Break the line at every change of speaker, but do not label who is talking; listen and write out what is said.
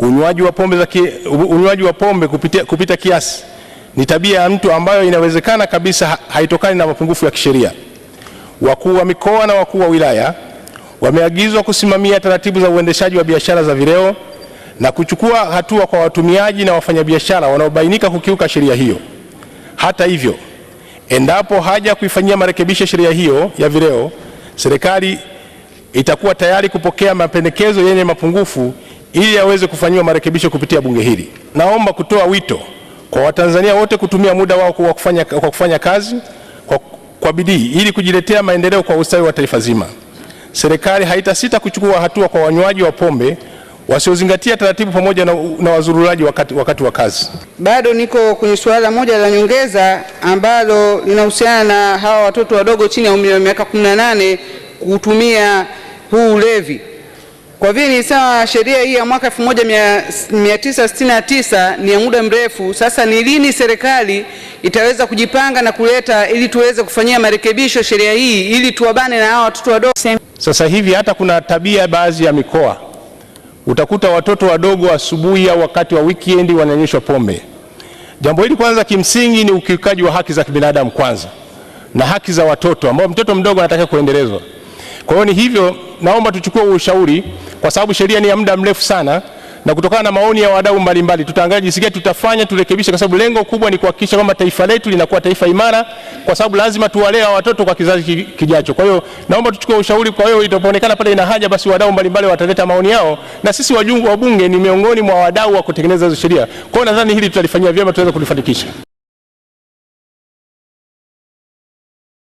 Unywaji wa pombe, za ki, unywaji wa pombe kupita, kupita kiasi ni tabia ya mtu ambayo inawezekana kabisa haitokani na mapungufu ya kisheria. Wakuu wa mikoa na wakuu wa wilaya wameagizwa kusimamia taratibu za uendeshaji wa biashara za vileo na kuchukua hatua kwa watumiaji na wafanyabiashara wanaobainika kukiuka sheria hiyo. Hata hivyo, endapo haja ya kuifanyia marekebisho sheria hiyo ya vileo, serikali itakuwa tayari kupokea mapendekezo yenye mapungufu ili yaweze kufanyiwa marekebisho kupitia bunge hili. Naomba kutoa wito kwa Watanzania wote kutumia muda wao kwa kufanya, kwa kufanya kazi kwa, kwa bidii ili kujiletea maendeleo kwa ustawi wa taifa zima. Serikali haitasita kuchukua hatua kwa wanywaji wa pombe wasiozingatia taratibu pamoja na, na wazururaji wakati, wakati wa kazi.
Bado niko kwenye suala moja la nyongeza ambalo linahusiana na hawa watoto wadogo chini ya umri wa miaka 18 kutumia huu ulevi. Kwa vile ni sawa sheria hii ya mwaka 1969 ni ya muda mrefu, sasa ni lini serikali itaweza kujipanga na kuleta ili tuweze kufanyia marekebisho sheria hii ili tuwabane na hawa watoto wadogo?
Sasa hivi hata kuna tabia baadhi ya mikoa utakuta watoto wadogo asubuhi au wakati wa weekend wananyeshwa pombe. Jambo hili kwanza, kimsingi ni ukiukaji wa haki za kibinadamu kwanza na haki za watoto, ambao mtoto mdogo anataka kuendelezwa. Kwa hiyo ni hivyo, naomba tuchukue ushauri, kwa sababu sheria ni ya muda mrefu sana, na kutokana na maoni ya wadau mbalimbali tutaangalia jinsi gani tutafanya turekebishe, kwa sababu lengo kubwa ni kuhakikisha kwamba taifa letu linakuwa taifa imara, kwa sababu lazima tuwalea watoto kwa kizazi kijacho. Kwa hiyo naomba tuchukue ushauri. Kwa hiyo itapoonekana pale ina haja, basi wadau mbalimbali wataleta maoni yao, na sisi wajungu wa bunge ni miongoni mwa wadau wa kutengeneza hizo sheria. Kwa hiyo nadhani hili tutalifanyia vyema, tutaweza kulifanikisha.